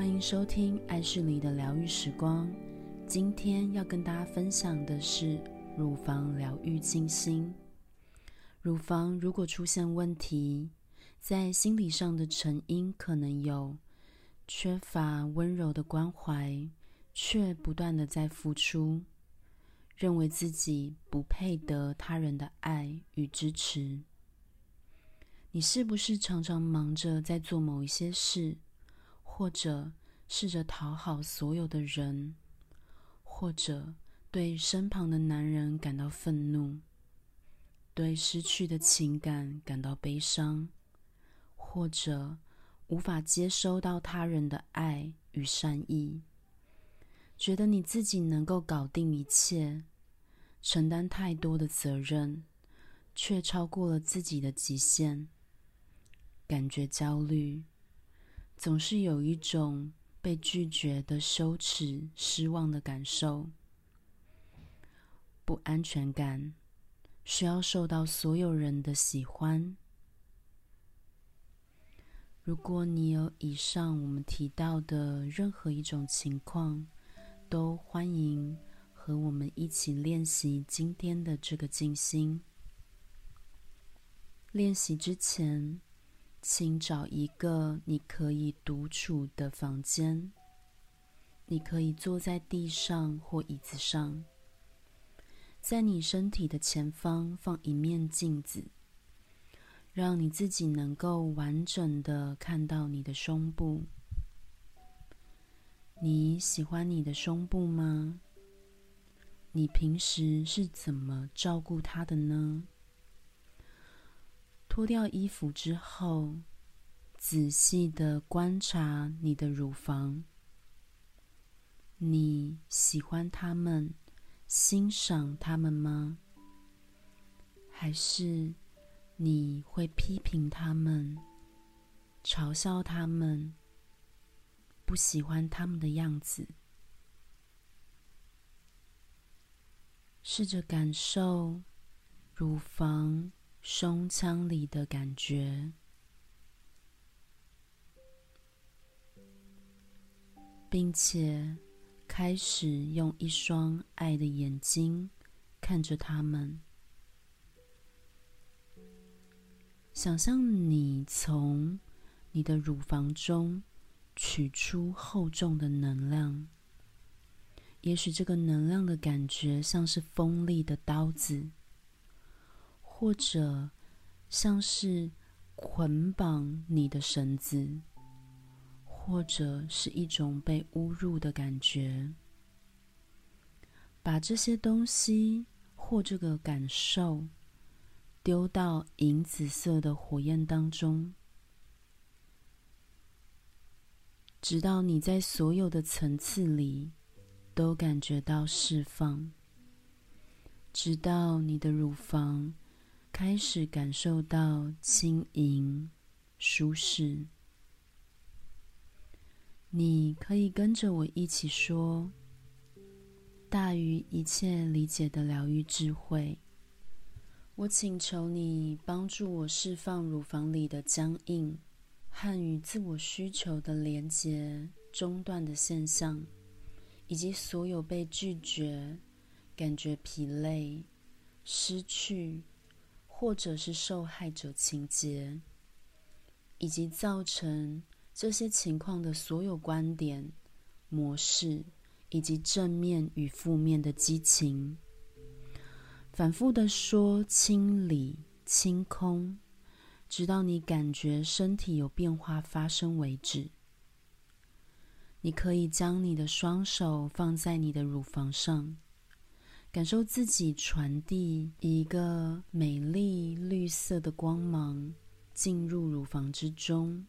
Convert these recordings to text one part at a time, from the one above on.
歡迎收聽《愛旭黎的療癒時光》。今天要跟大家分享的是乳房療癒靜心。乳房如果出現問題，在心理上的成因可能有缺乏溫柔的關懷，卻不斷的在付出，認為自己不配得他人的愛與支持。你是不是常常忙着在做某一些事？或者試着討好所有的人，或者對身旁的男人感到憤怒，對失去的情感感到悲傷，或者無法接收到他人的愛與善意，覺得你自己能夠搞定一切，承擔太多的責任，卻超過了自己的極限，感覺焦慮。總是有一種被拒絕的羞恥、失望的感受，不安全感，需要受到所有人的喜歡。如果你有以上我們提到的任何一種情況，都歡迎和我們一起練習今天的這個靜心。練習之前，請找一個你可以獨處的房間，你可以坐在地上或椅子上，在你身體的前方放一面鏡子，讓你自己能夠完整的看到你的胸部。你喜歡你的胸部嗎？你平時是怎麼照顧它的呢？脫掉衣服之後，仔細地觀察你的乳房。你喜歡他們，欣賞他們嗎？還是你會批評他們，嘲笑他們，不喜歡他們的樣子？試着感受乳房。胸腔裡的感覺，並且開始用一雙愛的眼睛看着他們。想象你從你的乳房中取出厚重的能量，也許這個能量的感覺像是鋒利的刀子。或者像是捆綁你的繩子，或者是一種被侮辱的感覺，把這些東西或這個感受丟到銀紫色的火焰當中，直到你在所有的層次裡都感覺到釋放，直到你的乳房。開始感受到輕盈、舒適。你可以跟着我一起說：“大於一切理解的療癒智慧。”我請求你幫助我釋放乳房裡的僵硬，和與自我需求的連接中斷的現象，以及所有被拒絕、感覺疲累、失去。或者是受害者情結，以及造成這些情況的所有觀點、模式，以及正面與負面的激情，反復的說清理、清空，直到你感覺身體有變化發生為止。你可以將你的雙手放在你的乳房上。感受自己傳遞一個美麗綠色的光芒進入乳房之中，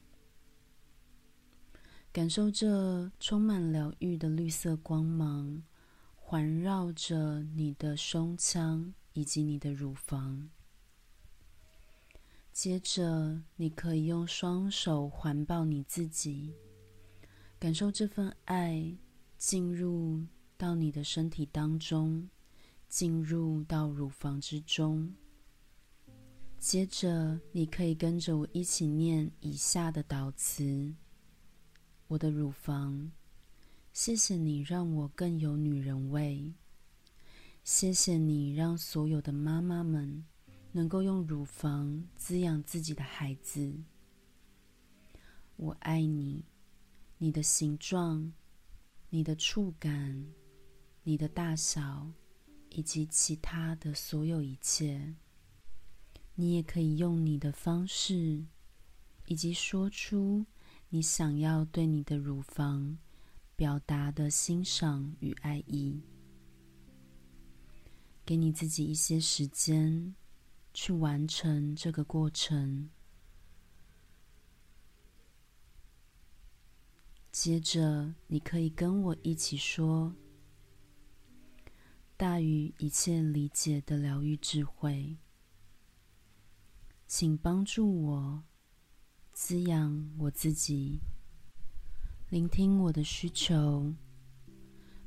感受這充滿療癒的綠色光芒環繞着你的胸腔以及你的乳房。接着，你可以用雙手環抱你自己，感受這份愛進入到你的身體當中。進入到乳房之中。接着，你可以跟着我一起念以下的導詞：“我的乳房，謝謝你讓我更有女人味。謝謝你讓所有的媽媽們能夠用乳房滋養自己的孩子。我愛你，你的形狀，你的觸感，你的大小。”以及其他的所有一切，你也可以用你的方式，以及說出你想要對你的乳房表達的欣賞與愛意。給你自己一些時間去完成這個過程。接着，你可以跟我一起說。大於一切理解的療癒智慧，請幫助我滋養我自己，聆聽我的需求，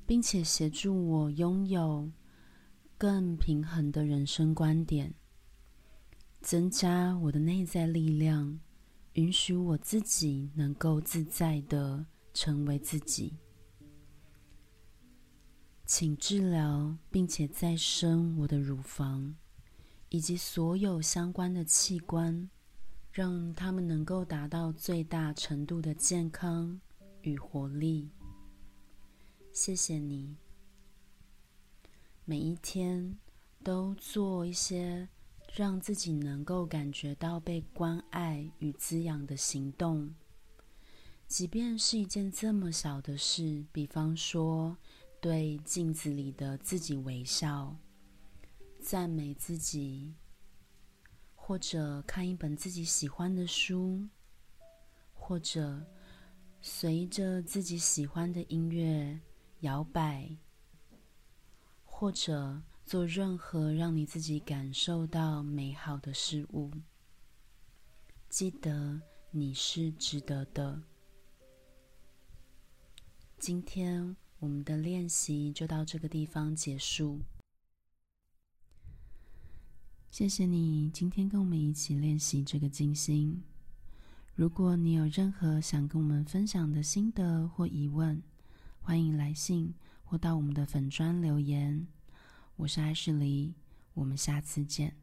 並且協助我擁有更平衡的人生觀點，增加我的內在力量，允許我自己能夠自在地成為自己。請治療並且再生我的乳房，以及所有相關的器官，讓它們能夠達到最大程度的健康與活力。謝謝你，每一天都做一些讓自己能夠感覺到被關愛與滋養的行動，即便是一件這麼小的事，比方說。對鏡子裡的自己微笑，讚美自己，或者看一本自己喜歡的書，或者隨着自己喜歡的音樂搖擺，或者做任何讓你自己感受到美好的事物。記得你是值得的。今天。我們的練習就到這個地方結束。謝謝你今天跟我們一起練習這個靜心。如果你有任何想跟我們分享的心得或疑問，歡迎來信或到我們的粉專留言。我是愛旭黎，我們下次見。